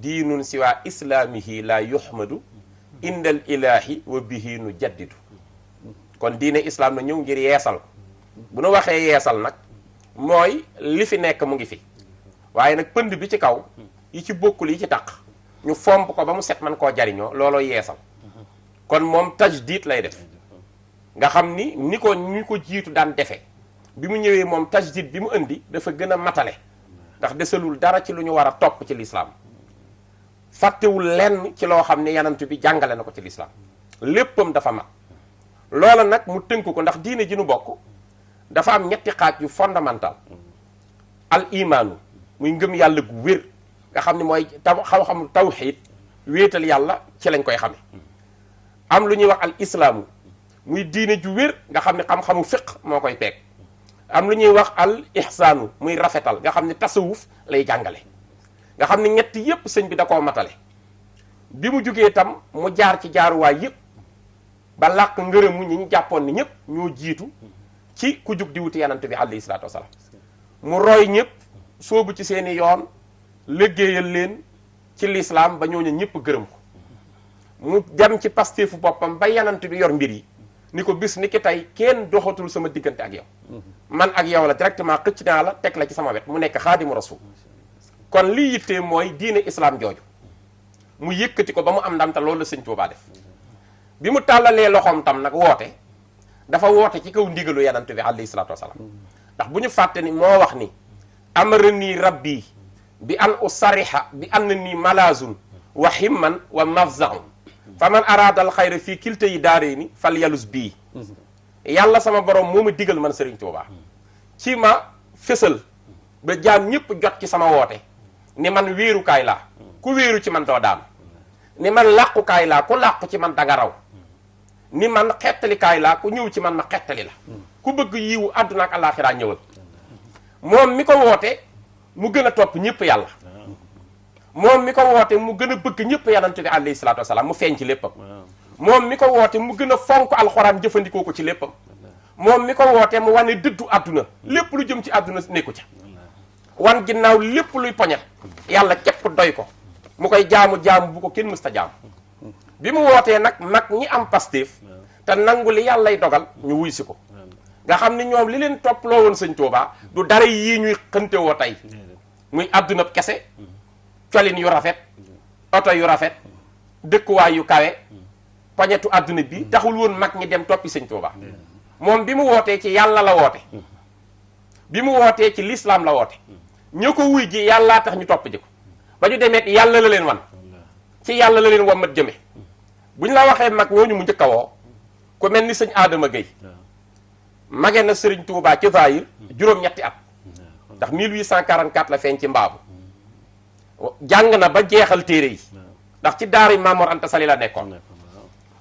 diinun siwa islaamihi la yuhmadu indal ilaahi wa bihi nu jaddidu kon diine islaam na ñëw ngir yeesal bu nu waxee yeesal nag mooy li fi nekk mu ngi fi waaye nag pënd bi ci kaw yi ci bokkul yi ci taq ñu fomp ko ba mu set man koo jariñoo looloo yeesal kon moom tajdid lay def nga xam ni ni ko ni ko jiitu daan defe bi mu ñëwee moom tajdid bi mu indi dafa gën a matale ndax desalul dara ci lu ñu war a topp ci lislaam fàttewul lenn ci loo xam ne yanant bi jàngale na ko ci lislaam léppam dafa ma loola nag mu tënk ko ndax diine ji nu bokk dafa am ñetti xaaj yu fondamental al imaanu muy ngëm yàlla gu wér nga xam ne mooy taw xaw-xamu tawxiid wéetal yàlla ci lañ koy xame am lu ñuy wax al islaamu muy diine ju wér nga xam ne xam-xamu fiq moo koy peeg am lu ñuy wax al ihsaanu muy rafetal nga xam ni tasawuf lay jàngale nga xam ne ñett yépp sëñ bi da koo matale bi mu jógee itam mu jaar ci jaaruwaay yépp ba làq ngërëmu ñi ñu jàppoon ni ñëpp ñoo jiitu ci ku jug di wuti yanant bi alayhi salaatu wasalaam mu roy ñëpp soobu ci seeni yoon liggéeyal leen ci lislaam ba ñooñu ñëpp gërëm ko mu dem ci fu boppam ba yanant bi yor mbir yi ni ko bis ni ki tey kenn doxatul sama diggante ak yow mm-hmm. man ak yow la directement xëcc naa la teg la ci sama wet mu nekk xaadimu rasul kon lii yittee mooy diine islaam jooju mu yëkkati ko ba mu am ndam te loolu la sëñ def bi mu tàllalee loxoom tam nag woote dafa woote ci kaw ndigalu yanant bi alayhi salaatu wasalaam ndax bu ñu fàtte ni moo wax ni amara nii rabbi bi an usariha bi an nii malazun wa himman wa mafzaun fa man araada al xayra fii kilta yi daaree ni fal bii yàlla sama borom moo ma digal man sëriñ Tuubaa ci ma fësal ba jaam ñépp jot ci sama woote ni man wéerukaay laa ku wéeru ci man doo daan ni man làqukaay laa ku làqu ci man danga raw ni man xettalikaay laa ku ñëw ci man ma xettali la ku bëgg yiwu àdduna ak àllaaxiraa ñëwal moom mi ko woote mu gën a topp ñëpp yàlla moom mi ko woote mu gën a bëgg ñëpp yonent bi alayhi salaatu wasalaam mu feeñ ci léppam moom mi ko woote mu gën a fonk alxuraan jëfandikoo ko ci léppam moom mi ko woote mu wane dëddu àdduna lépp lu jëm ci àdduna nekku ca wan ginnaaw lépp luy poñe yàlla képp doy ko mu koy jaamu jaamu bu ko kenn mësta jaam bi mu wootee nag mag ñi am pastéef te nangu li yàllay dogal ñu wuy si ko nga xam ni ñoom li leen topploo woon sëñ Tuubaa du dara yii ñuy xënte woo tey muy àdduna kese colin yu rafet oto yu rafet dëkkuwaay yu kawe poñetu àdduna bi taxul woon mag ñi dem toppi sëñ Tuubaa moom bi mu wootee ci yàlla la woote bi mu wootee ci lislaam la woote ñoo ko wuy ji yàllaa tax ñu topp ji ko ba ñu demee yàlla la leen wan ci yàlla la leen wammat jëme bu ñu la waxee mag ñooñu mu njëkk a woo ku mel ni sëñ aadama Gueye mage na sëriñ Touba ci Zahir juróom-ñetti at ndax 1844 la feeñ ci mbaabu jàng na ba jeexal téere yi ndax ci daara yi Mamor Anta la nekkoon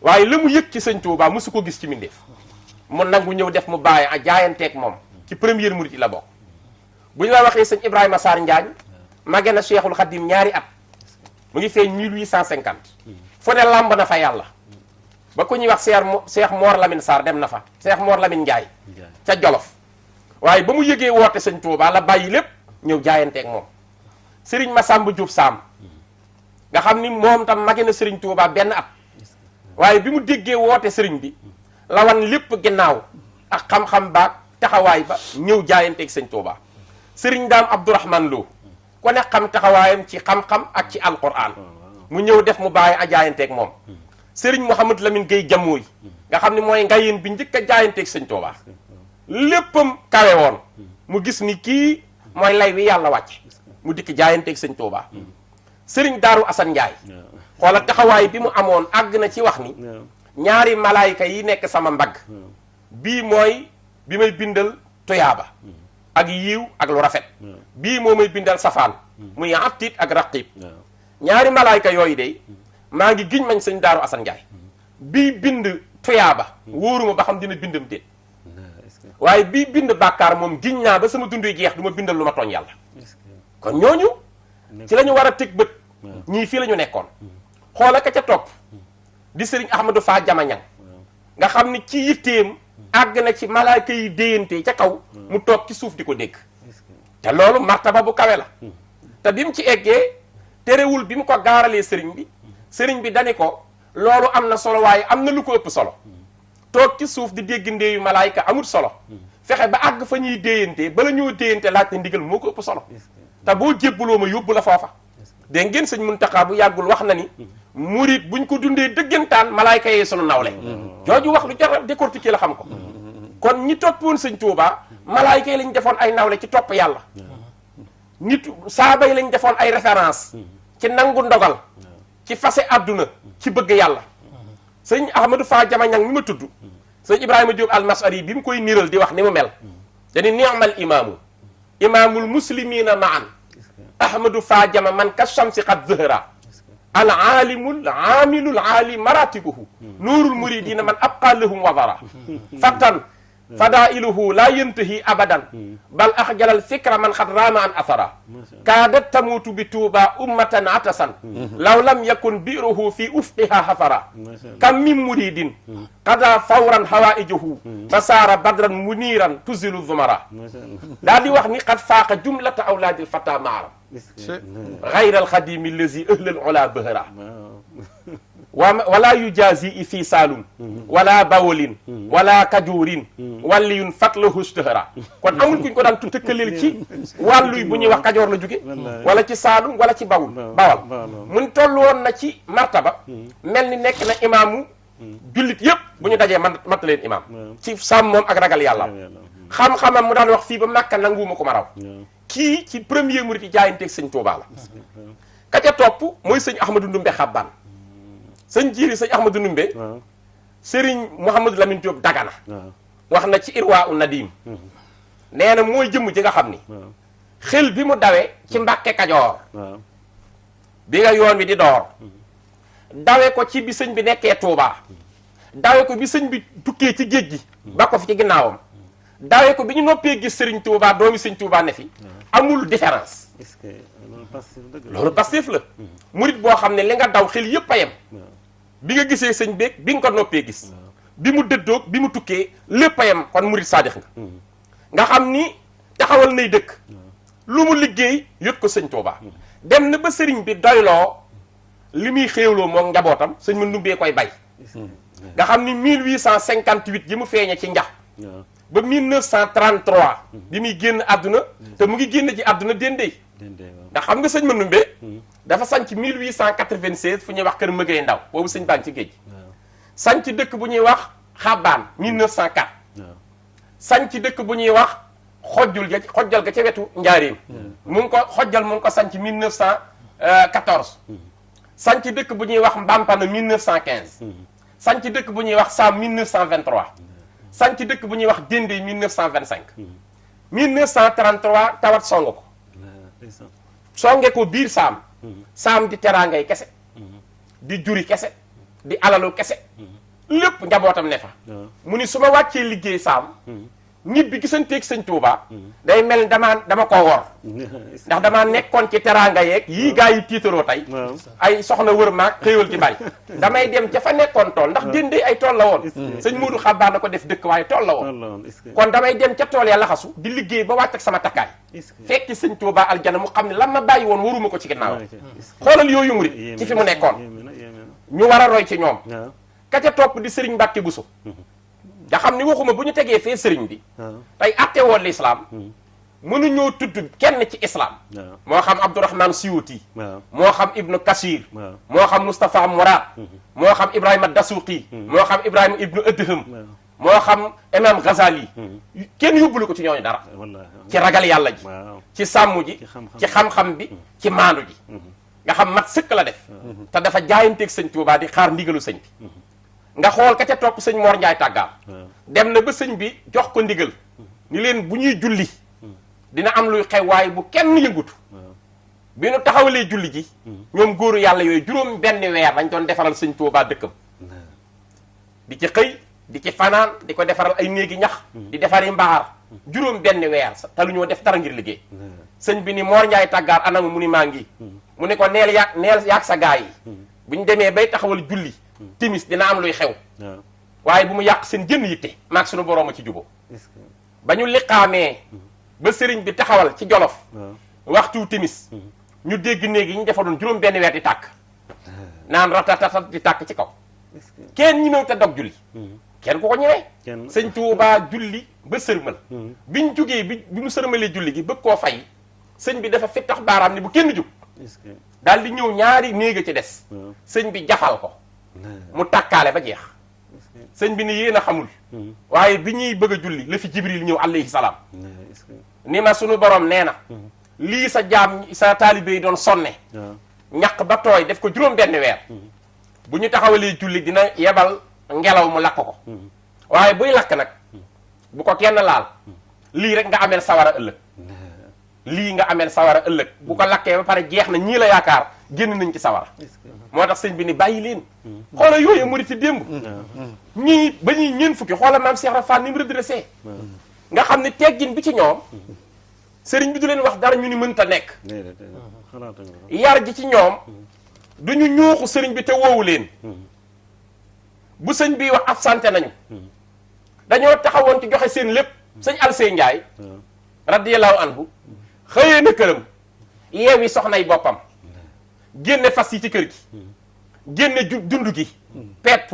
waaye la mu yëg ci sëñ Touba mosu ko gis ci mbindeef mu nangu ñëw def mu bàyyi a jaayanteek moom ci première murit yi la bokk bu ñu la waxee sëñ Ibrahima saar Njaañ mage na Cheikhul Khadim ñaari at mu ngi fee feeñ 1850 fu ne làmb na fa yàlla ba ku ñuy wax seer Cheikh Mor Lamine Sarr dem na fa Cheikh Mor Lamine Ndiaye ca Jolof waaye ba mu yëgee woote sëñ Touba la bàyyi lépp ñëw jaayanteeg moom ma Massamba Diouf Sam nga xam ni moom tam mage na Serigne Touba benn at waaye bi mu déggee woote Serigne bi lawan lépp ginnaaw ak xam-xam baag taxawaay ba ñëw jaayanteeg sëñ Touba. sëriñ daam Abdourahman loo ko ne xam taxawaayam ci xam-xam ak ci alquran mu ñëw def mu bàyyi a jaayanteeg moom sëriñ Mouhamed Lamine Gueye Jamooy nga xam ne mooy ngayeen bi njëkk a jaayanteeg sëñ Touba léppam kawe woon mu gis ni kii mooy lay yàlla wàcc mu dikk jaayanteeg sëñ Touba sëriñ Daaru Assane Ndiaye xoola taxawaay bi mu amoon àgg na ci wax ni ñaari malaayka yi nekk sama mbagg bii mooy bi may bindal tuyaaba ak yiw ak lu rafet hmm. bii moo may bindal safaan hmm. muy attit ak raqib hmm. ñaari malaayka yooyu de maa ngi giñ mañ sëñ daaru Assane Ndiaye bii bind tuyaaba wóoruma ba xam dina bindam déet waaye bii bind bàkkaar moom giñ naa ba sama dunduy jeex du ma bindal lu ma tooñ yàlla kon ñooñu ci lañu war a teg bët ñii fii lañu nekkoon xoola ka ca topp di sëriñ Ahmadou Fa Jamañang nga xam ni ci yitteem àgg na ci malaaka yi déyante ca kaw hmm. mu toog ci suuf di ko dégg te loolu martaba bu kawe la hmm. te bi mu ci eggee terewul bi mu ko gaaralee sëriñ bi hmm. sëriñ bi dani ko loolu am na solo waaye am na lu ko ëpp solo toog ci suuf di dégg ndeeyu malaayka amul solo fexe ba àgg fa ñuy déyante bala ñoo déyante laajte ndigal moo ko ëpp solo te boo jébbaloo ma yóbbu la foofa dégg ngeen sëñ Muntaxa bu yàggul wax na ni murit buñ ko dundee dëggantaan malaayka yee sunu nawle jooju wax lu jar décortiquer la xam ko kon ñi toppoon sëñ Tuubaa malaayka yi lañ defoon ay nawle ci topp yàlla nit saaba yi lañ defoon ay référence ci nangu ndogal ci fase àdduna ci bëgg yàlla sëñ Ahmadou Fa Jamañang mi ma tudd sëñ Ibrahima Diop al-Masari bi mu koy niral di wax ni mu mel dañu ni'mal imaamu imaamul muslimina ma'an ahmadou fa jama man ka shamsi qad zahra al aalimul aamilul aali maratibuhu nuurul muridina man abqa lahum wadara fattan fadailuhu laa yantahi abadan bal axjalal fikra man xat raama an athara kaadat tamuutu bi tuuba ummatan atasan law lam yakun biruhu fi ufqiha hafara kam min muridin qada fawran hawaijuhu fasaara badran muniran tuzilu zumara daal di wax ni xat faaqa jumlata awlaadil fata maaram xayral xadimi lazi ëhlal ola bëhëra wa wala yujazi i fii saalum wala bawolin wala kajuurin walliyun fatla hustahara kon amul kuñ ko daan tëkkaleel ci wàlluy bu ñuy wax kajoor la jóge wala ci saalum wala ci bawul bawal mun toll woon na ci martaba hmm. mel ni nekk na imaamu hmm. jullit yëpp bu ñu dajee man mat leen imaam hmm. ci sàmm moom ak ragal yàlla xam-xamam mu daan wax fii ba Màkka nanguwuma ko ma raw kii ci premier murit yi jaayanteeg sëñ Touba la ka topp mooy sëñ Ahmadou Ndumbe Xabbaan sëñ jiiri sëñ Ahmadou Ndumbe sëriñ Mouhamadou Lamine Diop Dagana wax na ci Irwa u Nadim mm-hmm. nee na mooy jëmm ji nga xam ni xel bi mu dawee ci mm-hmm. Mbàkke Kajoor bi nga yoon bi di door mm-hmm. dawe ko ci bi sëñ bi nekkee Touba dawee ko bi sëñ bi tukkee ci géej gi ba ko fi ci ginnaawam daawee ko bi ñu noppee gis Serigne Touba doomi Serigne Touba ne fi amul différence. loolu passif la. Mm-hmm. murit boo xam ne li nga daw xel yëpp a bi nga gisee sëñ beeg bi nga ko noppee gis. bi mu dëddoog bi mu tukkee lépp a yem kon murit saadix nga. Mm-hmm. nga xam ni taxawal nay dëkk. lu mu liggéey yót ko sëñ Touba. Mm-hmm. dem na ba sëriñ bi doyloo li muy xéewloo moom njabootam sëñ ma numbee koy bay. nga xam ni mille 1858 yi mu feeñee ci njax. ba 1933. bi muy génn àdduna. te mu ngi génn ci àdduna Dendey. ndax xam nga sëñ Manoumbe. Hmm. dafa sanc 1896 fu ñuy wax kër Mëgëy Ndaw boobu sëñ baa ngi ci géej. sanc dëkk bu ñuy wax Xabaan hmm. sañ ci dëkk bu ñuy wax xojjul ga xojjal ga ca wetu Njaaréem. Hmm. mu ngi ko xojjal mu ngi ko sanc 1914. sanc dëkk bu ñuy wax Mbampana 1915. sanc dëkk bu ñuy wax Sam 1923. sanc dëkk bu ñuy wax Dendey 1925. 1933 tawat song ko. songe ko biir saam. saam di teraangay kese. di juri kese. di alalu kese. lépp njabootam ne fa. mu ni su ma wàccee liggéey saam. Hmm. ñibbi gisanteeg sëñ Touba. day mel damaa dama koo wor ndax damaa nekkoon ci teraanga yeeg yii gaa yi tiitaroo tey ay soxna wër maag xéewal gi bari damay dem ca fa nekkoon tool ndax déndey ay tool la woon sëñ Modou xabaar na ko def dëkk waaye tool la woon kon damay dem ca tool ya laxasu di liggéey ba wàcc ak sama takkaay fekki sëñ Touba aljana mu xam ne lan ma bàyyi woon waruma ko ci ginnaaw xoolal yooyu murit ci fi mu nekkoon ñu war a roy ci ñoom ka ca topp di sëriñ Mbàkke Buso mhm. nga xam ni waxuma bu ñu tegee fee sëriñ bi tey atte woon lislaam hmm. mënuñoo tudd kenn ci islaam moo xam abdourahman siyuti moo xam ibnu kasir moo xam moustapha mourad hmm. moo xam ibrahima dasuqi hmm. moo xam ibrahima ibnu adham moo xam imam ghazali kenn yóbbulu ko ci ñooñu dara ci ragal yàlla ji ci sàmm ji ci xam-xam bi ci maandu ji nga xam mat sëkk la def te dafa jaayanteeg sëñ tuubaa di xaar ndigalu sëñ bi nga xool ka ca topp sëñ Mor Ndiaye dem na ba sëñ bi jox ko ndigal ni leen bu ñuy julli dina am luy xew waaye bu kenn yëngutu bi nu taxawalee julli ji hmm. ñoom góoru yàlla yooyu juróom benn weer lañ doon defaral sëñ Tuubaa dëkkam hmm. di ci xëy di ci fanaan di ko defaral ay néegi ñax hmm. di defari mbaar juróom benn weer te lu ñoo def dara ngir liggéey sëñ bi ni Mor Ndiaye tàggaar anam mu ni maa ngi mu ne ko neel yaag neel yaag sa gaay yi bu ñu demee bay julli timis dina am luy xew waaye bu mu yàq seen jën yitte maag suñu borooma ci jubo ba ñu liqaamee ba sëriñ bi taxawal ci jolof waxtu timis hmm. ñu dégg néeg yi ñu defaroon juróom benn weer di tàkk naan ratatatat di tàkk ci kaw kenn ñimew te dog julli hmm. kenn ku ko ñemee sëñ Tuubaa julli ba sërmal hmm. biñ jógee bi bi mu sërmalee julli gi bëgg koo fay sëñ bi dafa fittax baaraam ni bu kenn jóg daal di ñëw ñaari néeg a ci des sëñ bi jafal ko mu takkaale ba jeex sëñ bi ni yéen a xamul hmm. waaye bi ñuy bëgg a julli la fi jibril ñëw alayhi salaam hmm. Hmm. ni ma sunu borom nee na lii sa jaam sa taalibe yi doon sonne ñaq ba tooy def ko juróom benn weer bu ñu taxawalee julli dina yebal ngelaw mu lakk ko waaye buy lakk nag bu ko kenn laal lii rek nga ameel sawara ëllëg lii nga ameel sawara ëllëg bu ko lakkee ba pare jeex na ñii la yaakaar génn nañ ci sawara moo tax sëñ bi ni bàyyi leen xoola yooyu murit ci démb mm. Mm. ñii ba ñuy ñeen fukki xoola maam Cheikh Rafal ni mu redressé mm. nga xam ne teggin bi ci ñoom sëriñ bi du leen wax dara ñu ni mënta nekk yar ji ci ñoom du ñu ñuuxu sëriñ bi te woowu leen bu sëñ bi wax sante nañu dañoo taxawoon ci joxe seen lépp sëñ Alsey Njaay radiyallahu anhu xëyee na këram yeewi soxnay boppam génne fas yi ci kër gi hmm. génne ju dund gi hmm. pepp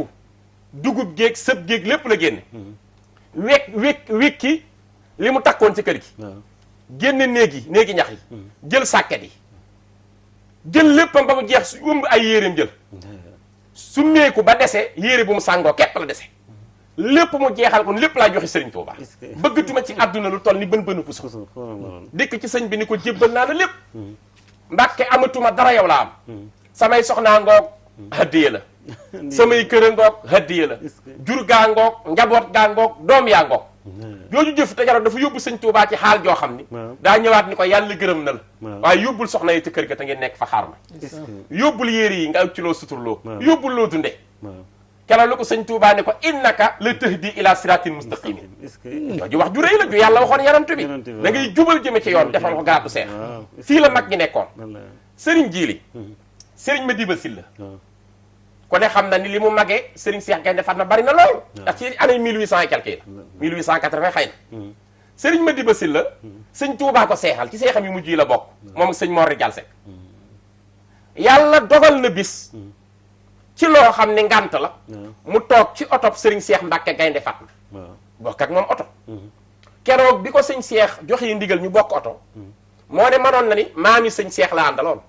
dugub géeg sëb géeg lépp la génne hmm. wek wek wekki li mu takkoon ci kër gi génne néegi néegi ñax yi jël sàkket yi jël léppam ba mu jeex su ëmb ay yéreem jël su meeku ba dese yére bu mu sàngoo képp la dese lépp mu jeexal kon lépp laa joxe sëriñ Tuuba bëggatuma ci àdduna lu toll ni bën bënu puso dikk ci sëñ bi ni ko jébbal naa la lépp mbàkke amatuma dara yow laa am hmm. samay soxnaa ngoog hadiya la hmm. samay kër a ngoog hadiya la jur gaa ngoog njaboot gaa ngoog doom yaa ngoog yooyu hmm. jëf te jaroon dafa yóbbu sëñ Tuubaa ci xaal joo xam ni daa ñëwaat ni ko yàlla gërëm na la waaye yóbbul soxna yi ci kër ga te ngeen nekk fa xaar ma yóbbul yéer yi nga ci loo suturloo yóbbul loo dundee keroog la ko sëñ Touba ne ko innaka la tahdi ila siratin mustaqim jooju wax ju rëy la ju yàlla waxoon yarantu bi da ngay jubal jëme ci yoon defal ko garaatu seex fii la mag ñi nekkoon sëriñ jiili hmm. sëriñ Madiba Sylla ku ne xam na ni li mu magee sëriñ Seex Gaynde na bari na lool ndax ci année 1800 et quelque yi la 1880 hmm. xëy na hmm. sëriñ Madiba Sylla sëñ Touba ko seexal ci seexam yu mujj yi la bokk moom ak sëñ Mor Rijaal Seck yàlla dogal na bis ci loo xam ni ngànt la mu toog ci oto Serigne Cheikh Mbacke Gaynde Fatma bokk ak moom oto mhm. keroog bi ko sëñ Cheikh joxe ndigal ñu bokk oto mhm. moo ne manoon na ni ngi sëñ Cheikh la àndaloon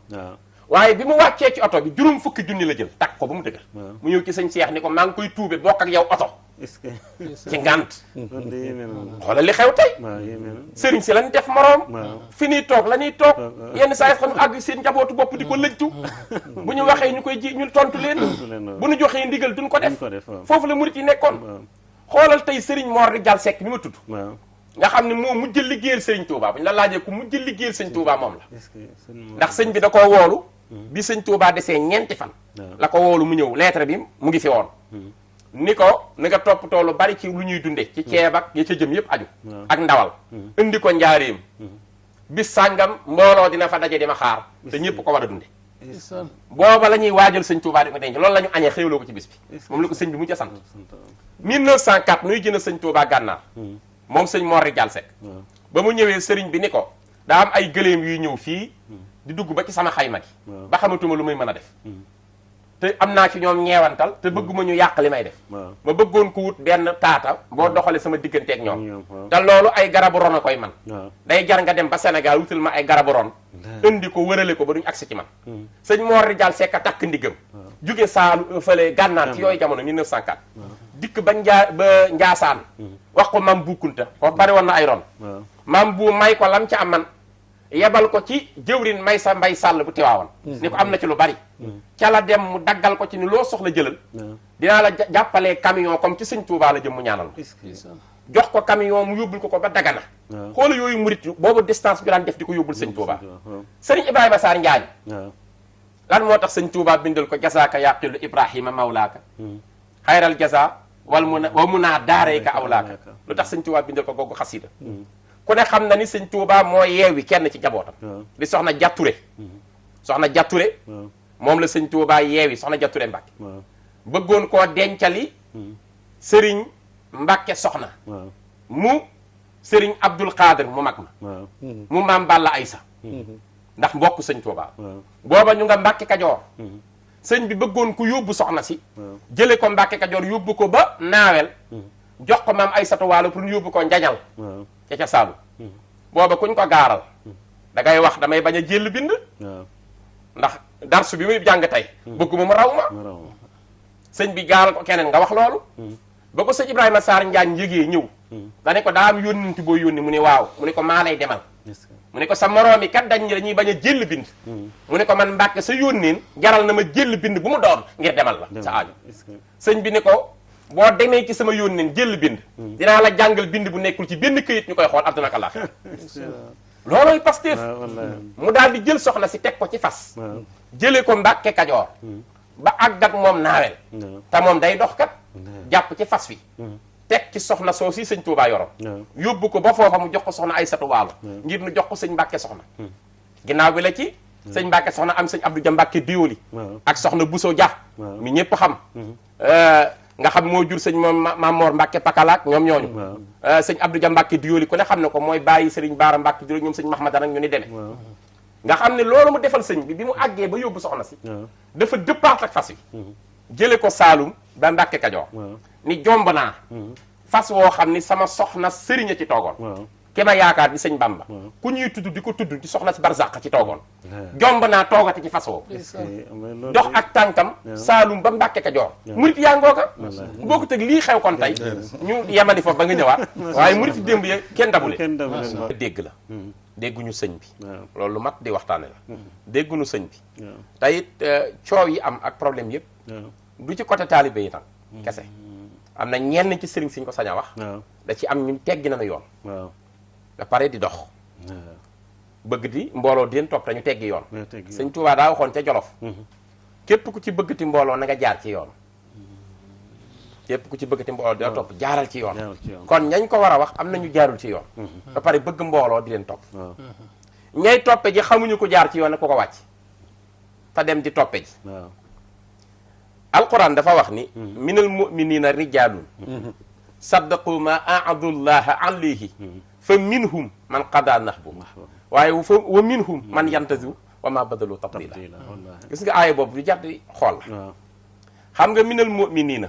waaye bi mu wàccee ci oto bi juróom fukki junni la jël takk ko ba mu dëgër mu ñëw ci sëñ Cheikh ni ko maa ngi koy tuube bokk ak yow oto est-ce que ci ngant xoolal li xew tey sëriñ si lañ def moroom fi ñuy toog la ñuy toog yenn saa yi xam àgg seen njabootu bopp di ko lëjtu bu ñu waxee ñu koy ji ñu tontu leen bu ñu joxee ndigal duñ ko def foofu la murit yi nekkoon xoolal tey sëriñ Mor di jal Seck mi ma tudd nga xam ne moo mujj liggéeyal sëriñ Touba bu ñu la laajee ku mujj liggéeyal sëñ Touba moom la ndax sëñ bi da koo woolu hmm. bi sëñ Touba desee ñeenti fan la ko woolu mu ñëw lettre bi mu ngi fi woon hmm. ni ko ni topp toppatoo lu bari ci lu ñuy dunde ci ceeb ak ya ca jëm yëpp aju ak ndawal mm-hmm. indi ko njaareem mm-hmm. bis sàngam mbooloo dina fa daje di ma xaar te ñëpp ko war a dunde booba la ñuy waajal sëñ Touba di ko denc loolu la ñu añee xéwloo ko ci bis bi moom la ko sëñ bi mu ca sant 1904 nuy jënd sëñ Touba gànnaar mm-hmm. moom sëñ Mor Rijal Seck ba mu ñëwee sëriñ bi ni ko daa am ay gëléem yuy ñëw fii di dugg ba ci sama xayma gi ba xamatuma lu may mën a def te am naa ci ñoom ñeewantal te hmm. bëgguma ñu yàq li may def ma bëggoon ko wut benn taata boo hmm. doxalee sama diggante ak ñoom hmm, te loolu ay garabu ron a koy man day jar nga dem ba Sénégal wutal ma ay garabu ron indi ko wërale ko ba duñ agsi ci man sëñ Mor Rijaal Seck a takk ndigam jóge saalu euh, fële gànnaar ci yooyu jamono 1904 dikk ba njaa ba Njaasaan wax ko mam bu Kunta ko bari woon na ay ron mam bu may ko lam ca am man yebal ko ci jëwrin may sa mbay sàll bu tiwaawan mm. ni ko am na ci lu bari mm. ca dem mu daggal ko ci ni loo soxla jëlal mm. dinaa la jàppale camion comme ci sëñ Tuubaa la jëm mu ñaanal jox ko camion mu yóbbul ko ko ba dagana xoola yooyu mu murit boobu distance bi daan def di ko yóbbul sëñ Tuubaa sëriñ Ibrahima Sarr Njaañ lan moo tax sëñ Tuubaa bindal ko jazaaka yaqilu Ibrahima mawlaaka xayral jaza wal mun wa mun naa daareeka awlaaka lu tax sëñ Tuubaa bindal ko googu xasida ku ne xam na ni sëñ Touba moo yeewi kenn ci njabootam. di soxna Jàtture mm-hmm. soxna Jàtture moom la sëñ Touba yeewi soxna Jàtture Mbàkke bëggoon koo dencali mm-hmm. sëriñ Mbàkke soxna mu sëriñ Abdul Xaadir mu mag ma mm-hmm. mu maam Balla Aysa ndax mbokk sëñ Touba booba ñu nga Mbàkke Kajoor sëñ bi bëggoon ko yóbbu soxna si jële ko Mbàkke Kajoor yóbbu ko ba naawel jox ko maam Aysatu Waalo pour ñu yóbbu ko njañal ya ca saalu booba kuñ ko gaaral hmm. da ngay wax damay bañ a jël bind ndax darsu bi muy jàng tey hmm. ma mu raw ma sëñ bi gaaral ko keneen nga wax loolu hmm. ba ko sëñ Ibrahima Sarr Njaañ yëgee ñëw dane ko daam yónninti boo yónni mu ne waaw mu ne ko maa lay demal mu ne ko sa moroom yi kat dañ ñi dañuy bañ a jël bind mu ne ko man Mbàkke sa yónneen garal na ma jël bind bu mu doon ngir demal la sa aaju sëñ bi ne ko boo demee ci sama yónneen jël bind dinaa la jàngal bind bu nekkul ci benn këyit ñu koy xool àdduna ak àllaaxira loolooy Pastef ah, mu daal di jël soxna si teg ko ci fas ah. jëlee ko Mbàkke Kajoor hmm. ba moom naawel ah. day dox kat jàpp ci fas wi hmm. teg ci soxna soo si sëñ Tuubaa yoroon yóbbu ko ba foofa mu jox ko soxna ay Waalo ngir nu jox ko sëñ Mbàkke soxna hmm. ginnaaw bi la ci sañ Mbàkke soxna am sëñ Abdou Dia Mbàkke Diwoli ak soxna Bousso Dia mi ñëpp xam euh, nga xam moo jur sëñ moom ma Mamor Mbacke Pakalaak ñoom ñooñu euh, sëñ Abdou Dia Mbacke Dioli ku ne xam ne ko mooy bàyyi sëriñ Baara Mbacke Dioli ñoom sëñ Mahmadan ak ñu ni demee nga xam ne loolu mu defal sëñ bi bi mu àggee ba yóbbu soxna si dafa dëppaat ak fas yi mhm. jële ko Saalum ba Mbacke Kajoor ni jomb naa mhm. fas woo xam ni sama soxna sëriñ a ci toogoon ki ma yaakaar di sëñ Bamba ku ñuy tudd di ko tudd di soxna si barzaq ci toogoon jomb naa toogati ci fasoo dox ak tànkam saalum ba Mbàkke Kajoor murit yaa boo ko teg lii xew kon tey ñu yemani foofu ba nga ñëwaat waaye murit démb ya kenn dabule dégg la mm. dégguñu sëñ bi loolu lu mat di waxtaane la mm. dégguñu sëñ bi tey euh, coow yi am ak problème yëpp du ci côté taalibe yi nag mm. kese am na ñenn ci sëriñ siñ ko sañ a wax da ci am ñu teggi na nañu yoon ba pare di dox bëgg di mbooloo di leen topp dañu teggi yoon sëñ Tuubaa daa waxoon ca Jolof mm-hmm. képp ku ci bëgg bëggati mbooloo nanga jaar ci yoon mm-hmm. ku ci bëggati mbooloo dina topp jaaral ci yoon kon ñañ ko war a wax am nañu jaarul ci yoon mm-hmm. ba pare bëgg mbooloo di leen topp ñay toppe ji xamuñu ko jaar ci yoon a ko ko wàcc te dem di toppe ji alquran dafa wax ni minal muminina rijalun saddaqu ma ahadullaha alayhi fa minhum man qadaa nahbu waaye fa wa minhum man yantaziru wa ma badalu tabdila gis nga aaya boobu du jar xool la xam nga min minal mu'minina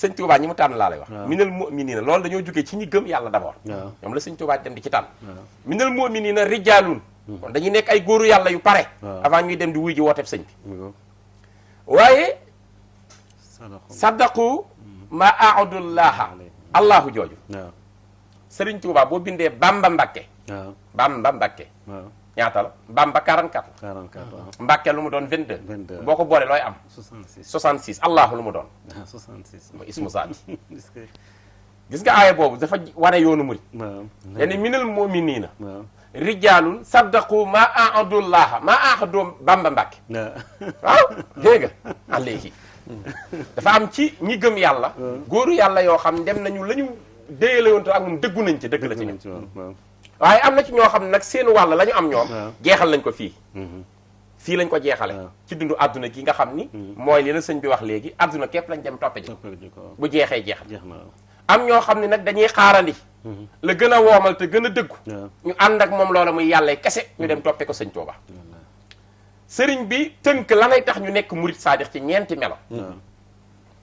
sëñ Tuubaa ñi mu tànn laa lay wax min minal mu'minina loolu dañoo jógee ci ñi gëm yàlla d'abord ñoom la sëñ Tuubaa dem di ci tànn minal mu'minina rijaalun hmm. kon dañuy nekk ay góoru yàlla yu pare avant ñuy dem di wuy ji wooteb sëñ bi waaye saddaqu hmm. ma aadullaha allahu jooju Serigne Touba boo bindee Bamba Mbakke. waaw Bamba Mbakke. waaw ñaata la Bamba 44. 44 waaw Mbakke lu mu doon 22. 22 boo ko boolee looy am. 66 66 Allahu lu mu doon. ah 66. mooy ismu saati. gis nga aaya boobu dafa wane yoonu murid. waaw yani minal mu'minina. waaw rijaalun saddaqu ma aadullaha ma aahadu Bamba Mbakke. waaw dégg nga alayhi dafa am ci ñi gëm yàlla. góoru yàlla yoo xam dem nañu lañu. déyale woon ak moom dëggu nañ ci dëgg la ci ñoom waaye am na ci ñoo xam ne nag seenu wàll la am ñoom jeexal nañ ko fii mm-hmm. fii lañ ko jeexale ci dundu àdduna gi nga xam ni mm-hmm. mooy li la sëñ bi wax léegi àdduna képp lañ dem toppe ji bu jeexee jeexal am ñoo xam ne nag dañuy xaarandi mm-hmm. la gën a woomal te gën a dëggu ñu ànd ak moom loola muy yàlla kese ñu dem toppe ko sëñ Tuuba sëriñ bi tënk la lay tax ñu nekk murit saadix ci ñeenti melo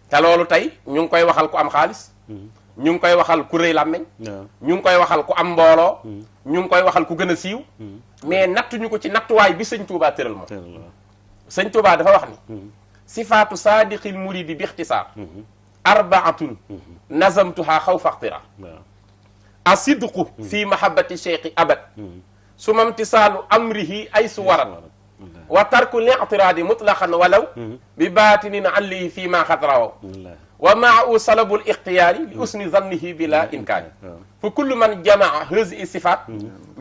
te loolu tey ñu ngi koy waxal ku am xaalis ñu ngi koy waxal ku rëy làmmeñ ñu ngi koy waxal ku am mbooloo mm. ñu ngi koy waxal ku gën a siiw mm. mais nattuñu ko ci nattuwaay bi sëñ Touba tëral moom sëñ Touba dafa wax ni mm. sifaatu saadiqil muridi bi ixtisaar mm-hmm. arbaatun mm-hmm. nazamtuhaa xaw faxtira asidqu fi mahabbati cheikhi abad sumamtisaalu amrihi ay su warat mm-hmm. wa tarku li'tiraadi mutlaqan walaw bi baatinin allihi fi ma xatrawo wa maahu salabul ixtiyaari li usni zannihi bila inkaari fa kullu man jamaa hazi i sifaat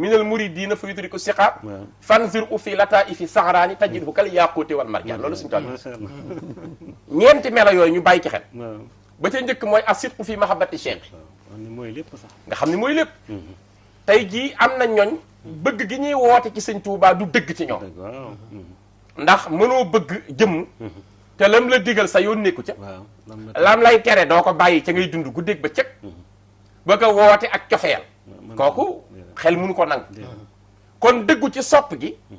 min al muridina fa yutriku siqaat fanzir u fi lataifi saxraani tajidhu kal yaquuti wal marjaan loolu suñu tool ñeenti melo yooyu ñu bàyyi ci xel ba ca njëkk mooy asidqu fi mahabbati cheikh mooy lépp sax nga xam ne mooy lépp mm-hmm. tey jii am na ñooñ bëgg gi ñuy woote ci sëñ Tuubaa du dëgg ci ñoom mm-hmm. ndax mënoo bëgg jëmm mm-hmm. te lam la digal sa yoon nekku ca lam lay tere doo ko bàyyi ca ngay dund guddeeg ba cëg ba a woote ak cofeel kooku xel mënu ko nangu mm-hmm. kon dëggu ci sopp gi mm-hmm.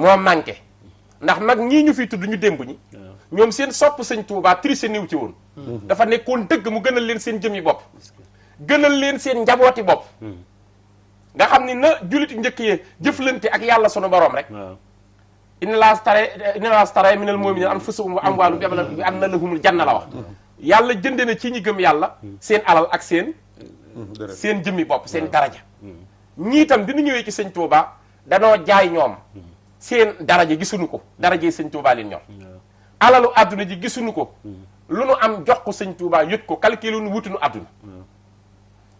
moo manqué mm-hmm. ndax mag ñii ñu fi tudd ñu démb ñi ñoom seen sopp sëñ Tuubaa triché niw ci woon dafa nekkoon dëgg mu gënal leen seen jëmi bopp gënal leen seen njabooti bopp nga xam ni na jullit njëkk yee jëflante ak yàlla sunu borom rek inna laa stare inna laa stare minal mu'minina anfusahum wa amwaalahum bi anna lahumul janna la wax yàlla jënde na ci ñi gëm yàlla seen alal ak seen seen jëmmi bopp seen daraja ñii itam bi ñu ñëwee ci sëñ Touba danoo jaay ñoom seen daraja gisuñu ko daraja yi sëñ Touba leen ñor alalu àdduna ji gisuñu ko mm. lu nu am jox ko sëñ Touba yët ko calcul nu wutuñu àdduna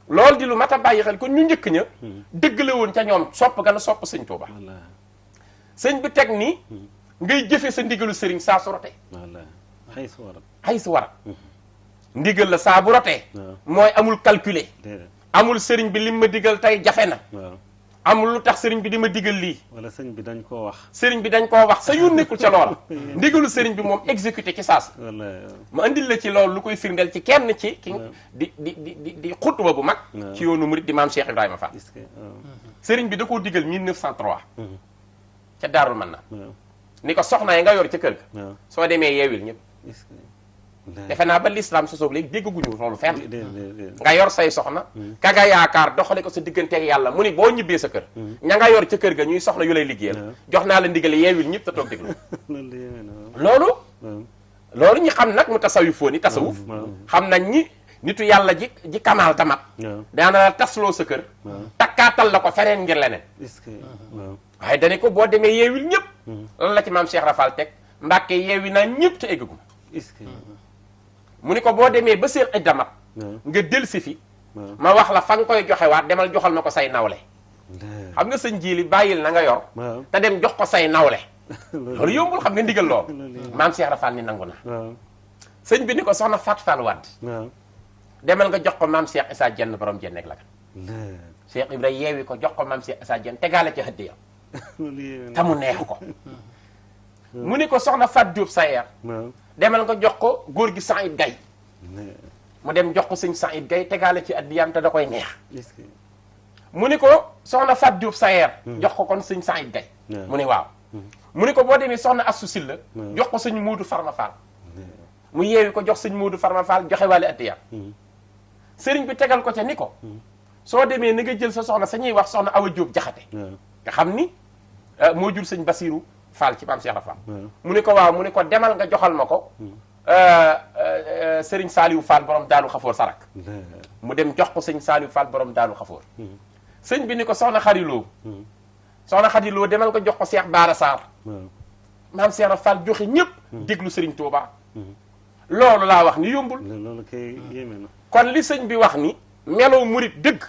loolu di lu mat a bàyyi xel kon ñu njëkk ña mm. dëgg la woon ca ñoom sopp gën sopp sëñ sëñ bi teg nii ngay jëfe sa ndigalu sëriñ saa su rotee xay su warat mhm. la saa bu rotee mooy amul calculer amul sëriñ bi lim ma digal tey jafe na amul lu tax sëriñ bi di ma digal lii wala sëriñ bi dañ koo wax sëriñ bi dañ koo wax sa yoon nekkul ca loola ndigalu sëriñ bi moom exécuté ci saas ma indil la ci lool lu koy firndeel ci kenn ci ki di di di di xutba bu mag ci yoonu murid di maam Cheikh a Fall sëriñ bi da koo digal 1903 ca daarul mën na ni ko soxna yi nga yor ca kër ga soo demee yeewil ñëpp defe naa ba lislaam sosoog léegi dégguñu loolu fenn nga yor say soxna hmm. ka yaakaar doxale ko sa digganteeg yàlla mu ni boo ñibbee sa kër hmm. ña nga yor ca kër ga ñuy soxna yu lay liggéeyal hmm. jox naa la ndigal yeewil ñëpp te toog déglu loolu loolu ñi xam nag mu tasawufoon yi tasawuf xam nañ ñi nitu yàlla ji ji kamaal tamat daana la tasloo sa kër takkaatal la ko feneen ngir leneen waaye dane ko boo demee yeewil ñëpp lan la ci maam Cheikh Rafal teg Mbàkke yeewi naa ñëpp te eggagum mu ni ko boo demee ba seen idda mat nga del si fi ma wax la fa nga koy joxe waat demal joxal ma ko say nawle xam nga sëñ jiili bàyyil na nga yor te dem jox ko say nawle loolu yombul xam nga ndigal lool maam Cheikh Rafal ni nangu na sëñ bi ni ko soxna Fat Fall Wade demal nga jox ko maam Cheikh Issa Dieng borom Dieng ak la ka Cheikh Ibrahima yeewi ko jox ko maam Cheikh Issa Dieng tegaale ci hëddi ya te mu neex ko mu ni ko soxna Fat Diop Sayer demal nga jox ko góor gi Saïd Gaye mu dem jox ko sëñ it gay tegaale ci addiyaam te da koy neex mu ni ko soxna Fat Diop Sayer hmm. jox ko kon sëñ Saïd Gaye mu ni waaw hmm. mu ni ko boo demee soxna Astou Sylla jox ko sëñ muutu Farma Fall mu yeewi ko jox sañ Moodu Farma Fall joxe waale addiyaam hmm. sëriñ bi tegal ko ca ni ko soo demee na nga jël sa soxna sañuy wax soxna Awa Diop Jaxate nga xam ni euh, moo jur sëñ Basiiru Fall ci maam Cheikh Fall. mu ne ko waaw mu ne ko demal nga joxal ma ko. Hmm. Euh, euh, Serigne Saliou Fall borom Daalu Xafoor Sarak. mu dem jox ko sëñ Saliou Fall borom Daalu Xafoor. Hmm. sëñ bi ni ko Soxna Xariloo. Hmm. Soxna Xariloo demal nga jox ko Cheikh Baara Sarr. maam Cheikh Fall joxe ñëpp. déglu Serigne Touba. loolu laa wax ni yombul. loolu kon li sëñ bi wax ni. meloo murit dëgg.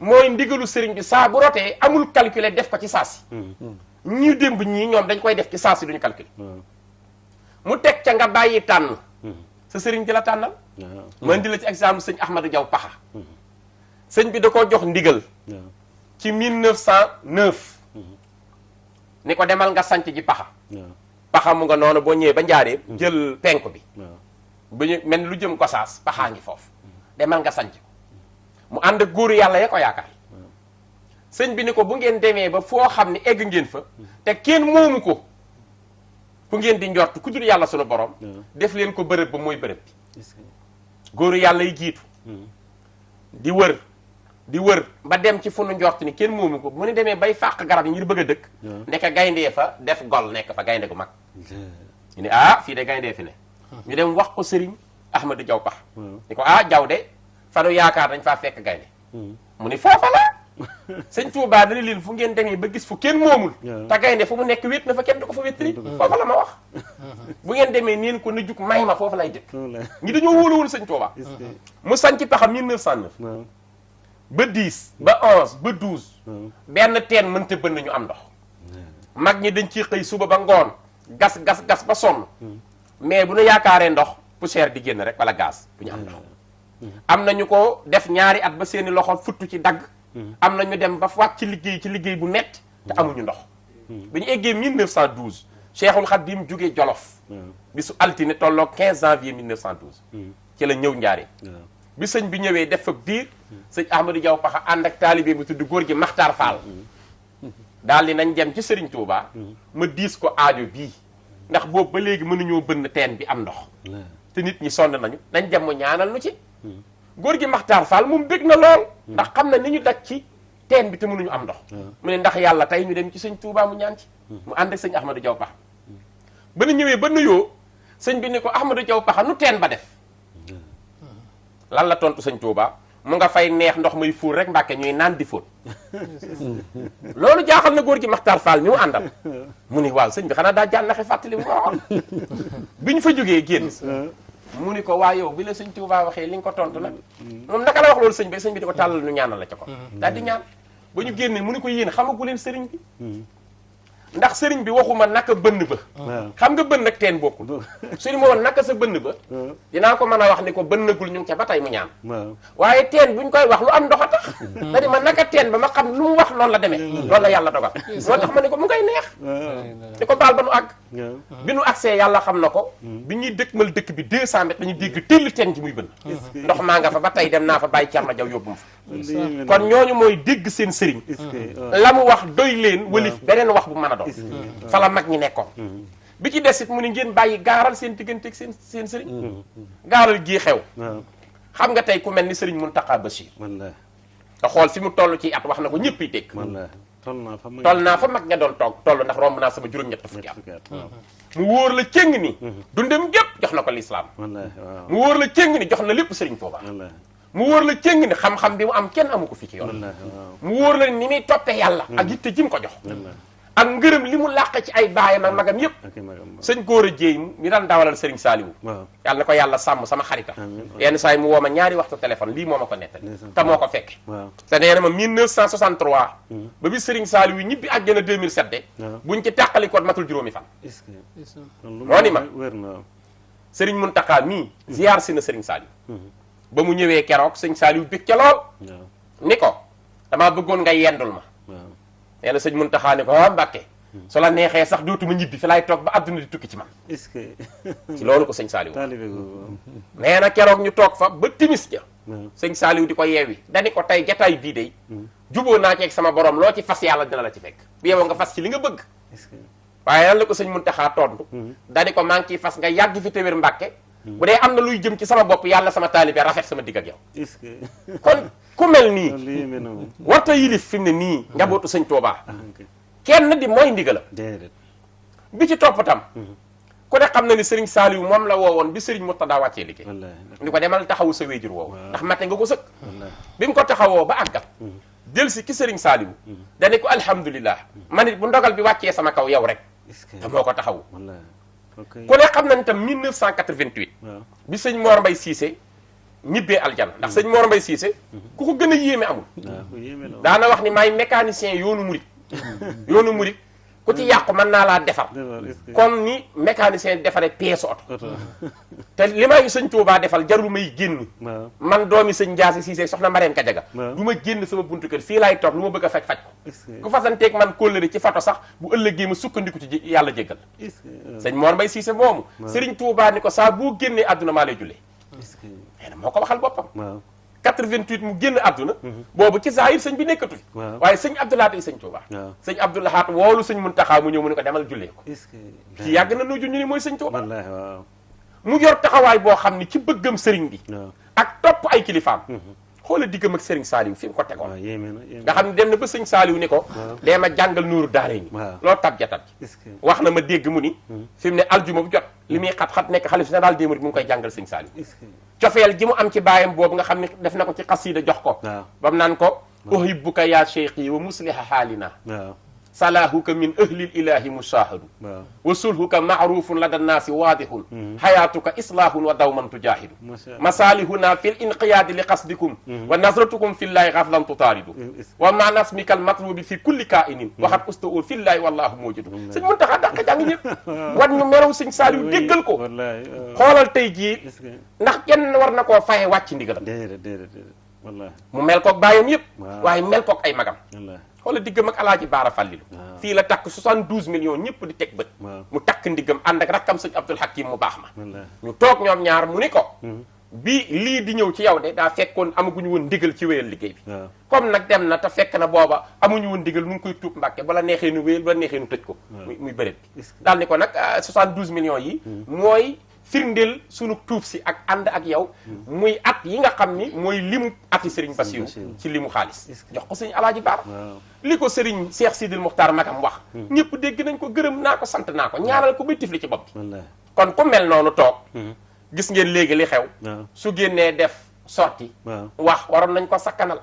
mooy ndigalu sëriñ bi saa bu rotee amul calculer def ko ci saasi. Mm. ñi démb ñii ñoom dañ koy def ci saasi duñu calculer. Mm. mu teg ca nga bàyyi tànn. Mm. sa sëriñ bi la tànnal. man di ci exemple sëñ Ahmadou Diaw Paxa. sëñ bi da koo jox ndigal. ci 1909. ni ko demal nga sanc ji Paxa. Paxa mu nga noonu boo ñëwee ba njaaree. jël penku bi. bu ñu mel lu jëm Gosaas Paxa ngi foofu. demal nga sanc. mu ànd góor yàlla ya ko yaakaar sëñ bi ni ko bu ngeen demee ba foo xam ne egg ngeen fa te kenn moomu ko ku ngeen di njort ku dul yàlla sunu borom hmm. def leen ko bërëb ba mooy bërëb bi góoru yàlla yi jiitu hmm. di wër di wër ba dem ci fu nu njort ni kenn moomu ko mu ne demee bay fàq garab yi ngir bëgg a dëkk hmm. nekk gayndee fa def gol nekk fa gaynde gu mag ñu ne ah fii de gayndee fi ne ñu dem wax ko sëriñ Ahmadou Diaw Pax ni ko ah Diaw de fanu yaakaar dañ faa fekk gaynde mu ni foofa la sëñ Touba dana leen fu ngeen demee ba gis fu kenn moomul te gaynde fu mu nekk wet na fa kenn du ko fa wéttali foofa la ma wax bu ngeen demee neen ko na jug may ma foofa lay dëkk ñi dañoo wóoluwul sëñ Touba mu sanc paxam 1909 ba 10 ba 11 ba 12 benn teen mënta bënn ñu am ndox mag ñi dañ ciy xëy suba ba ngoon gas gas gas ba sonn mm. mais bu ñu yaakaaree ndox poussière di génn rek wala gaz ñu am ndox am na ñu ko def ñaari at ba seeni loxo futtu ci dagg. am na ñu dem ba wàcc ci liggéey ci liggéey bu metti te mm. amuñu ndox. bi ñu eggee 1912 Cheikhul Khadim jógee Jolof. Mm. su altine tolloo 15 janvier 1912. Mm. ci la ñëw njaaree. bi sëñ bi ñëwee def fa biir. sëñ Ahmadou Diaw Paxa ànd ak taalibe bu tudd góor gi Makhtar Fall. daal di nañ dem ci Serigne Touba. ma diis ko aajo bii. ndax boobu ba léegi mënuñoo bënn teen bi am ndox. te nit ñi sonn nañu nañ dem mu ñaanal nu ci. góor gi Maxtaar Fall moom bég na lool. Hmm. ndax xam na ni ñu daj ci teen bi te mënuñu am ndox. Hmm. mu ne ndax yàlla tey ñu dem ci sëñ Touba mu ñaan ci. Hmm. mu ànd ak sëñ Ahmadou Diaw Pax. ba nu ñëwee ba nuyoo sëñ ne ko Ahmadou Diaw Pax nu teen ba def. lan la tontu sëñ Touba mu nga fay neex ndox muy fuur rek mbàkke ñuy naan di fóot. loolu jaaxal na góor gi Maxtaar Fall mi mu àndal. mu ne waaw sëñ bi xanaa daa jànnaxe fàttali mu waxoon bi ñu fa jógee génn. mu ni ko waa yow bi la sëñ Touba waxee li nga ko tontu nag moom naka la wax loolu sëñ bi sëñ bi di ko tàllal ñu ñaanal la ca ko mm-hmm. daal di ñaan ba ñu génnee mu ni ko yéen xamagu leen sëriñ bi mm-hmm. ndax sëriñ bi waxuma naka bënn ba xam nga bënn ak teen bokkul suñu ma woon naka sa bënn ba dinaa ko mën a wax ni ko bënnagul ñu ngi ca ba tey mu ñaam waaye teen buñ koy wax lu am ndoxa tax mm-hmm. da di ma naka teen ba ma xam lu mu wax noonu la demee mm-hmm. loolu la yàlla dogal soo tax ma ne ko mu ngay neex di ko baal ba nu àgg bi nu agsee yàlla xam na ko mm-hmm. bi ñuy mal dëkk bi deux cent mètres dañuy dégg tëll teen ji muy bënn ndox maa nga fa ba tey dem naa fa bàyyi Cerno Jaw yóbbu fa kon ñooñu mooy dégg seen sëriñ mm-hmm. euh, la mu wax doy leen walif beneen wax bu mën a doon mm-hmm. fa la mag ñi nekkoon mm-hmm. bi ci des it mu ne ngeen bàyyi gaaral seen diggante seen seen sëriñ gaaral gii xew xam nga tey ku mel ni sëriñ Mountakha Bachir nga xool fi mu toll ci at wax na ko ñëpp yi dégg toll naa fa mag nga doon toog tollu ndax romb naa sama juróom-ñett fukki at mu wóor la cëng ni dundam gépp jox na ko lislaam mu wóor la cëng ni jox na lépp sëriñ Tuubaa mu wóor la cëng ne xam-xam bi mu am kenn amu ko fi ci yoon mu wóor la ni muy toppee yàlla ak yitte ji mu ko jox a ngërëm li mu làq ci ay baayam ak magam yëpp sëñ góor a jéey mi daan dawalal saali Saaliwu yàlla na ko yàlla sam sama xarita yenn saa yi mu woo ma ñaari waxtu téléphone lii moo ma ko nettali te moo ko fekk te nee na ma 1963 hmm. ba bi sëriñ Saaliwu ñibbi àjjana 2007 de buñ ci tàqalikoon matul juróomi fan moo ni ma sëriñ Muntaxa mii hmm. ziyaar si na sëriñ Saaliwu hmm. ba mu ñëwee keroog sëñ Saliou bég ca lool ni ko damaa bëggoon nga yendul ma nee sëñ mun taxaa ne ko ah Mbàkke hmm. su la neexee sax dootuma ñibbi fi laay toog ba àdduna di tukki ci man est-ce que ci loolu ko sëñ Saliou nee na keroog ñu toog fa ba timis ja sëñ Saliou di ko yeewi dani ko tey jataay bii day hmm. juboo naa ceeg sama borom loo ci fas yàlla dina la ci fekk bu yow nga fas ci li nga bëgg waaye lan la ko sëñ Muntaxa tontu hmm. dani ko maa ngi fas nga yàgg fi téwér Mbàkke bu dee am na luy jëm ci sama bopp yàlla sama taalibe rafet sama digg ak yow. est kon ku mel nii. warta yilif fi mu ne nii. njabootu sëñ Touba. Ah, kenn di mooy ndigalam. bi ci topp tam. Mhm. ku ne xam na ni Serigne Saliou moom la woowoon bi Serigne Moutada wàccee liggéey. ko demal taxawu sa wéjur woowu. ndax mate nga ko sëkk. bi mu ko taxawoo ba àggal. Mhm. jël si ki sëriñ Saliou. Mhm. dane ko alhamdulilah. man it bu ndogal bi wàccee sama kaw yow rek. te moo ko taxawu. ku ne xam nañ tam 1988. waaw bi sëñ Mor Mbaye Cissé ñibbee aljana ndax sëñ Mor Mbaye Cissé ku ko gën a yéeme amul. daana wax ni maay mécanicien yoonu murit yoonu murit ku ci yàqu mën naa laa defar comme ni mécanicien defare pièce oto te li may sëñ Tuubaa defal jar jarul may génn man doomi sëñ Njaasi Siise soxna Mareem Kajaga du ma génn sama buntu kër fii laay toog lu ma bëgg a faj faj ko ku fasanteeg man kóllëre ci fato sax bu ëllëgee ma sukkandiku ci yàlla jéggal euh, sëñ Mor Mbay Siise moomu sëriñ Tuubaa ni ko saa boo génnee àdduna maa lay jullee nee na moo ko waxal boppam 88 mu génn àdduna boobu ci zahir sañ bi nekkatu fi waaye sëñ abdoulahat yi sëñ Tuuba sëñ abdoulahat woolu mun Muntaxa mu ñëw mu ne ko demal jullee ko ci yàgg na nu junñu ni mooy sëñ Tuuba mu yor taxawaay boo xam ni ci bëggam sëriñ bi ak topp ay kilifaam mhm. xoola diggam ak sëriñ saaliw fi ko tegoon nga xam ne dem na ba sëñ saaliw ni ko dee ma jàngal nuuru daare loo tab jatat wax na ma dégg mu ni mhm. fi mu ne aljuma bu jot li muy xat-xat nekk xalif général des mourides mu ngi koy jàngal sëñ Saliou cofeel ji mu am ci baayam boobu nga xam ne def na ko ci xasida jox ko bam naan ko uhibbuka yaa cheikh yi wa musliha xaalina salaahuka min ahlil ilahi mushahadu wa sulhuka maarufun lada nnaasi waadihun xayaatuka mhm. islaahun wa dawman tujaahidu masaalihuna fi l inqiyaadi li qasdikum mhm. wa nasratukum fi llaahi xaflan tutaaridu wa ma nasmika almatlubi fi kulli kainin mhm. waxat ustau fi llaahi wallahu mawjudu sëñ Muntaxa dàq jàng ñëpp wan ñu merow sëñ Saaliw déggal ko xoolal tey jii ndax kenn war na koo faye wàcc ndigalam mu mel koog bàyyam yëpp waaye mel koog ay magam xoola diggam ak alaaji baara fàllilu fii la takk 72 millions ñëpp di teg bët mu takk ndiggam ànd ak rakkam sëñ abdul hakim mu baax ma ñu toog ñoom ñaar mu ni ko hmm. bii lii di ñëw ci yow de daa fekkoon amaguñu woon ndigal ci wéyal liggéey bi comme nag dem na te fekk na booba amuñu woon ndigal nu ngi koy tuub mbàkke la neexee nu wéyal bala neexee nu tëj ko muy muy bëréb bi daal ni ko nag 72 euh, millions yi hmm. mooy firndeel sunu tuub si ak ànd ak yow muy at yi nga xam ni mooy limu ati sëriñ Bassirou ci limu xaalis jox ko sëñ Alaaji Baara li ko Serigne di Sidil Mokhtar Magam wax hmm. ñëpp dégg nañ ko gërëm naa ko sant naa ko hmm. ñaanal ko bay tifli ci bopp kon ku mel noonu toog hmm. gis ngeen léegi li xew su génnee def sorti wax waroon nañ ko sakkanal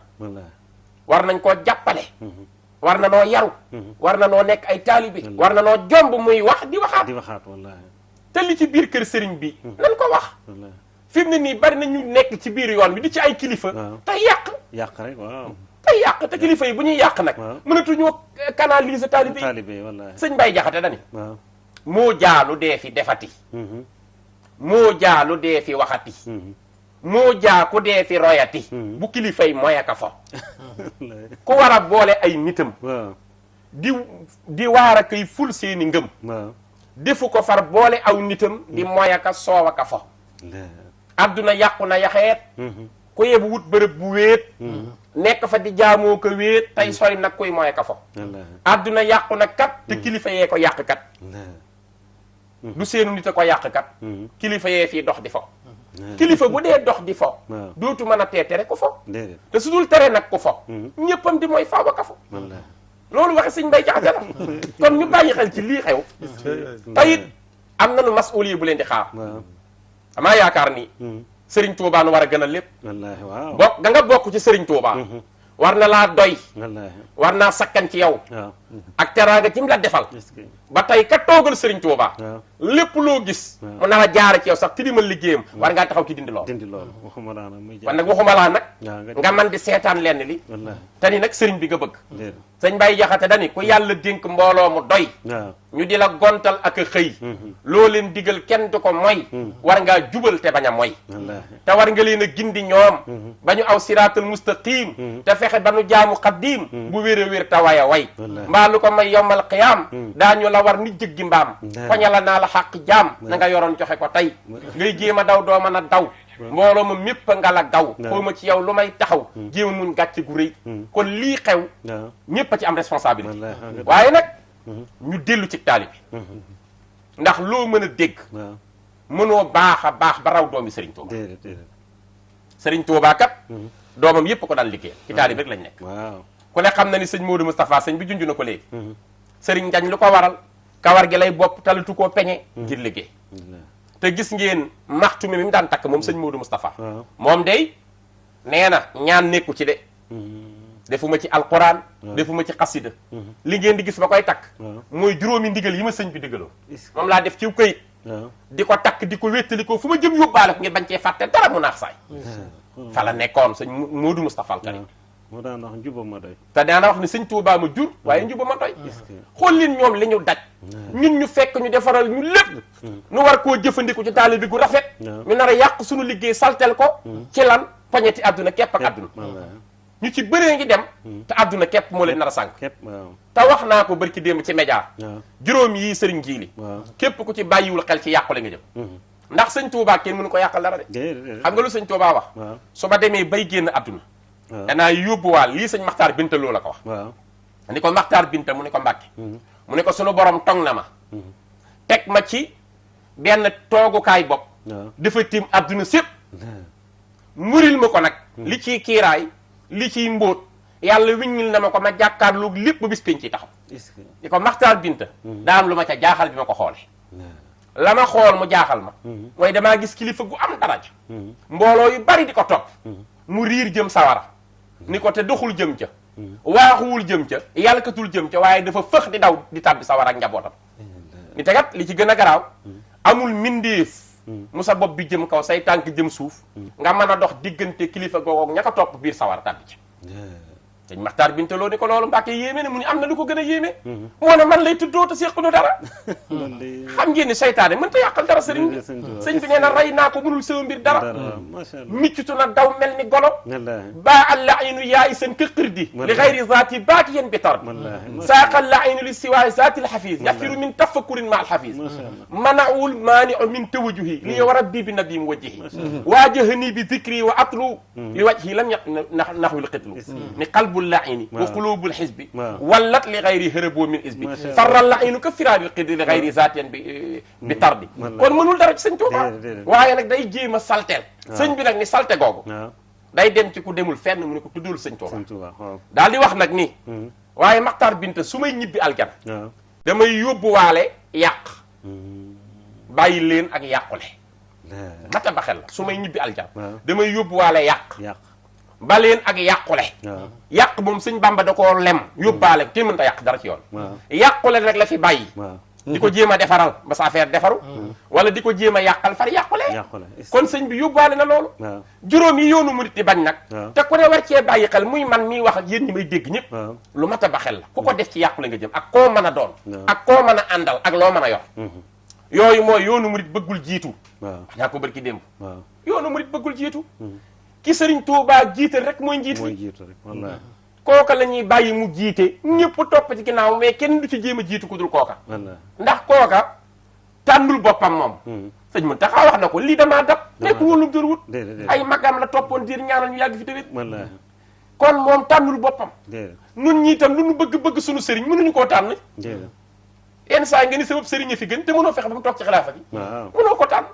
war nañ koo jàppale war na noo yaru war na noo nekk ay taalibi war na noo jomb muy wax di waxaat di waxaat te ci biir kër sëriñ bi. nan ko wax. fim ne nii bari na nekk ci biir yoon bi di ci ay kilifa. te yàq. yàq rek waaw. te yàq te kilifa yi bu ñuy yàq nag. waaw mënatuñoo canaliser taalibe yi taalibe yi wallaahi sëñ Baye Jaxate dani moo jaalu dee fi defati. Mhm. moo jaalu dee fi waxati. Mhm. moo jaa ku dee fi royati. Mhm. bu kilifay moya ka fa. ku war a boole ay nitam. di di waar a koy ful seeni ngëm. defu ko far boole aw nitam di mm. moy aka soow aka fo adduna yàqu na yaxeet mm-hmm. ku yebu wut bërëb bu wéet mm-hmm. nekk fa di jaamoo ko wéet tey mm-hmm. sori nag kuy moy aka fo adduna yàqu na kat te kilifa yee ko yàq kat du seenu nit a ko yàq kat kilifa yee fii dox di fo kilifa bu dee dox di fo dootu mën a tee tere ku fo te su dul tere nag ku fo ñëppam di mooy faaw aka fo loolu waxe sëñ Mbay Jaxate la kon ñu bàyyi xel ci lii xew tayit am nañu masuul yi bu leen di xaar amaa yaakaar ni hmm. sëriñ Tuubaa nu war a gënal lépp bokk da nga bokk ci sëriñ Tuubaa hmm. war na laa doy war naa sakkan ci yow ak teraanga ci mu la defal ba tey ka toogal sëriñ Tuuba lépp loo gis mu naa a jaar ci yow sax tilimal liggéeyam war ngaa taxaw ci dindi lool dindi lool waxuma laa nag kon nag waxuma laa nag nga man di seetaan lenn li te ni nag sëriñ bi nga bëgg sañ bay Jaxate dani ku yàlla dénk mbooloo mu doy ñu di la gontal ak a xëy mm-hmm. loo leen digal kenn du ko moy mm-hmm. war ngaa jubal te bañ a moy te war nga leen a gindi ñoom mm-hmm. ba ñu aw siraatal mustaqim te fexe ba nu jaamu xaddiim bu wér a wér way daa lu ko may yom yowmal qiyaam hmm. daañu la war ni jëggi mbaam foñala naa la xàq jaam na nga yoroon joxe ko tey ngay jéem a daw doo mën a daw mbooloo ma mépp nga la daw xaw ma ci yaw lu may taxaw hmm. jéem a mun gàcce gu rëy hmm. kon lii xew ñépp a ci am responsabilité waaye nag ñu dellu ci taali ndax loo mën a dégg baaxa baax ba raw doomi Serigne Touba Serigne Touba kat doomam yépp ko daan liggéeyal ci taali bi lañ nekk ku ne xam na ni sëñ Modou Moustapha sëñ bi junj na ko léegi sëriñ Njañ lu ko waral kawar gi lay bopp talatu koo peñe ngir liggéey te gis ngeen maxtu mi mi mu daan takk moom sëñ Modou Moustapha moom day nee na ñaan nekku ci de mm-hmm. defuma ci alquran defuma ci xasida mm-hmm. li di gis ba koy takk mooy juróomi ndigal yi ma sëñ bi digaloo moom laa def ciw këyit di ko takk di ko wéttali ko fu ma jëm yóbbaale ko ngir bañ cee fàtte dara mu naax saay fa nekkoon sëñ Modou Moustapha al moo daan wax njuba ma doy te daana wax ne sëñ Tuubaa ma jur waaye mm. njuba ma doy xool leen ñoom li ñu daj mm. nit ñu fekk ñu defaral ñu lépp mm. nu war koo jëfandiku ci taalibe gu rafet ñu nar yàq suñu liggéey saltel ko ci lan pañeti àdduna képp ak àdduna ñu ci bëree ngi dem ti àdduna képp moo leen nar a sànq te wax naa ko bërki démb ci média juróom yii sëriñ jii li képp ku ci bàyyiwul xel ci yàqule nga dem mm-hmm. ndax sëñ Tuubaa kenn nu ko yàqal dara de xam nga lu sëñ Tuubaa wax su ma demee bay génn àdduna danaa yóbbuwaal lii sëñ maxtaar binta loo la ko wax ni ko maxtaar binta mu ne ko mbàkke hmm. mu ne ko sunu borom tong na ma hmm. teg ma ci benn toogukaay bopp dafa tiim adduna sépp hmm. muril ma ko nag li ci kiiraay li ci mbóot yàlla wiññil na ma ko ma jàkkaarloog lépp bis pénc ci taxaw ni ko maxtaar binta daa am lu ma ca jaaxal bi ma ko xoole la ma xool mu jaaxal ma mooy damaa gis kilifa gu am daraja mbooloo yu bari di ko topp mu riir jëm sawara ni ko te doxul jëm ca waaxuwul jëm ca yàllkatul jëm ca waaye dafa fëx di daw di tàbbi sawar ak njabootam ni tegat li ci gën a garaaw amul mindeef mu sa bopp bi jëm kaw say tànk jëm suuf nga mën a dox diggante kilifa googoog ña ko topp biir sawar tàbbi ca sëñ Maxtaar Bintaloo ni ko loolu Mbàkke yéeme ne mu ni am na lu ko gën a yéeme mhm. moo ne man lay tuddoo te séqunu dara xam ngeen ne seytaane mën ta yàqal dara sëriñ bi sëñ bi nee na rey naa ko mënul sama mbir dara miccutu na daw mel ni golo baa al laayinu yaay seen këqër di li xayri zaati baati yéen bi tar saaqa laayinu li siwaay zaati alxafiis yafiru min tafakkurin ma alxafiis manaul maaniu min tawajuhi li hmm. yow rabbi bi nabi mu wajjihi waajahani bi dikri wa atlu hmm. li wajhi lam yaq naxwil xitlu ni qalbu xaraabul laini wa xuluubul xisbi wallat li xayri hërëboo min isbi sarra lainu ka firaabi xidi li xayri zaatiyan bi eh, bi tardi mm. kon mënul dara ci sëñ Tuuba waaye nag day jéem a salteel sëñ bi nag ni salte googu day dem ci ku demul fen mu ne ko tuddul sëñ Tuuba daal di wax nag ni mm. waaye Maxtaar Binta su may ñibbi aljana damay waale yàq mm. bàyyi leen ak yàqule mata baxel la su may ñibbi aljana damay yóbbuwaale yàq baleen ak yàqule yàq moom sëñ bàmba da ko lem yóbbaale kenn mënta yàq dara ci yoon yàqule rek la fi bàyyi di ko jéem a defaral ba sa defaru mm. wala di ko jéem a yàqal far yàqule kon sëñ bi yóbbaale na loolu juróom yi yoonu murit di bañ nag te ku ne war cee bàyyi xel muy man miy wax ak ñi may dégg ñëpp lu mat a ba xel la ko mm. def ci yàqule nga jëm ak koo mën a doon ak koo mën a àndal ak loo mën a yor mm-hmm. yooyu mooy yoonu murit bëggul jiitu daa ko ki démb yoonu murit bëggul jiitu mm-hmm. ki sëriñ Touba jiital rek mooy njiit mooy jiital rek wallaahi kooka la ñuy bàyyi mu jiite ñëpp topp ci ginnaaw mais kenn du ci jéem a jiitu ku dul kooka ndax kooka tàndul boppam moom hmm. sëñ mën taxaa wax na ko lii damaa dab tekk wóolu dër wut ay magam la toppoon diir ñaanal ñu yàgg fi tamit kon moom tànnul boppam nun ñi itam lu nu bëgg-bëgg suñu sëriñ mënuñu koo tànn yenn saa yi nga ni sabab sëriñ a fi gën te mënoo fexe ba mu toog ci xilaafa bi mënoo ko tànn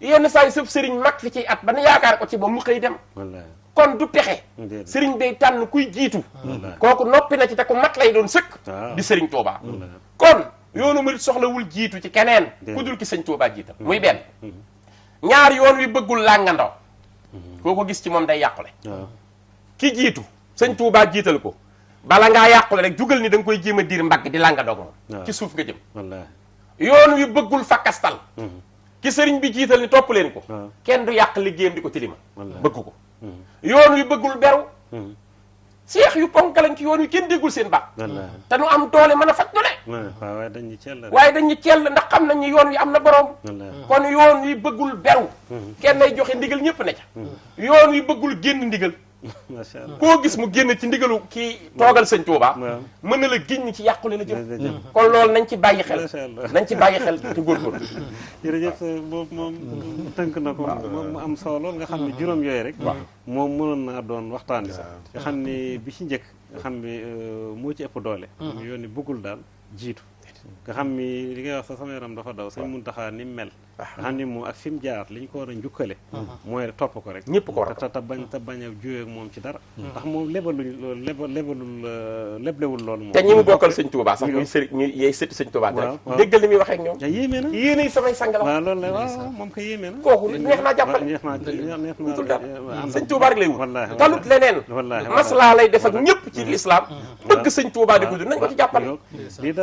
yenn saa yi sëf sëriñ mag fi ci at ba nu yaakaar ko ci ba mu xëy dem kon du pexe sëriñ day tànn kuy jiitu kooku noppi na ci te ku mat lay doon sëkk di sëriñ Tuubaa kon yoonu murit soxlawul jiitu ci keneen ku dul ki sëñ Tuubaa jiital muy benn mm-hmm. ñaar yoon wi bëggul làngandoo mm-hmm. koo ko gis ci moom day yàqule ki jiitu sëñ Tuubaa jiital ko bala ngaa yàqule rek jugal ni da koy jéem a diir mbagg di làngandoo moom ci suuf nga jëm yoon wi bëggul fakkastal mm-hmm. ki sëriñ bi jiital ni topp leen ko ah. kenn du yàq liggéeyam di ko tilima bëgg ko hmm. yoon wi bëggul beru hmm. seex yu ponk lañ ci yoon wi kenn déggul seen baax te nu am doole mën a faj lu ne waaye dañu cell waaye dañu ndax xam nañu yoon wi am na borom hmm. kon yoon wi bëggul beru kenn day joxe ndigal ñëpp ne ca yoon wi bëggul génn ndigal macha allah koo gis mu génn ci ndigalu kii toogal sëñ Tuuba. mën na la giñ ci yàqule la jëm. Mm-hmm. kon lool nañ ci bàyyi xel. nañ ci bàyyi xel te góorgóorlu. jërëjëf boobu moom tënk na ko mu am solo lool nga xam ne juróom yooyu rek. moom mënoon naa doon waxtaan bi sax. nga xam ne bi ci njëkk nga xam ne euh, moo ci ëpp doole. mu mm-hmm. yónni bëggul daal jiitu. nga xam ni li ngay wax sa sama yaram dafa daw sëñ Muntaxa ni mel nga xam ni moom ak fi mu jaar li ñu ko war a njukkale mooy topp ko rek ñëpp ko war a topp te bañ te bañ a juyee ak moom ci dara hmm. ndax moom lebaluñ loolu lebal lebalul euh, leblewul loolu moom te ñi mu bokkal sëñ Touba sax ñuy sëriñ ñu yey sëti sëñ Touba rek déggal li muy waxee ak ñoom a yéemee na yéenay samay sang la waaw loolu la waaw moom ko yéemee na kooku neex naa jàppale neex naa neex naa tul dara sëñ Touba rek lay wut talut leneen maslaa lay def ak ñëpp ci lislaam bëgg sëñ Touba di ko nañ ko ci jàppale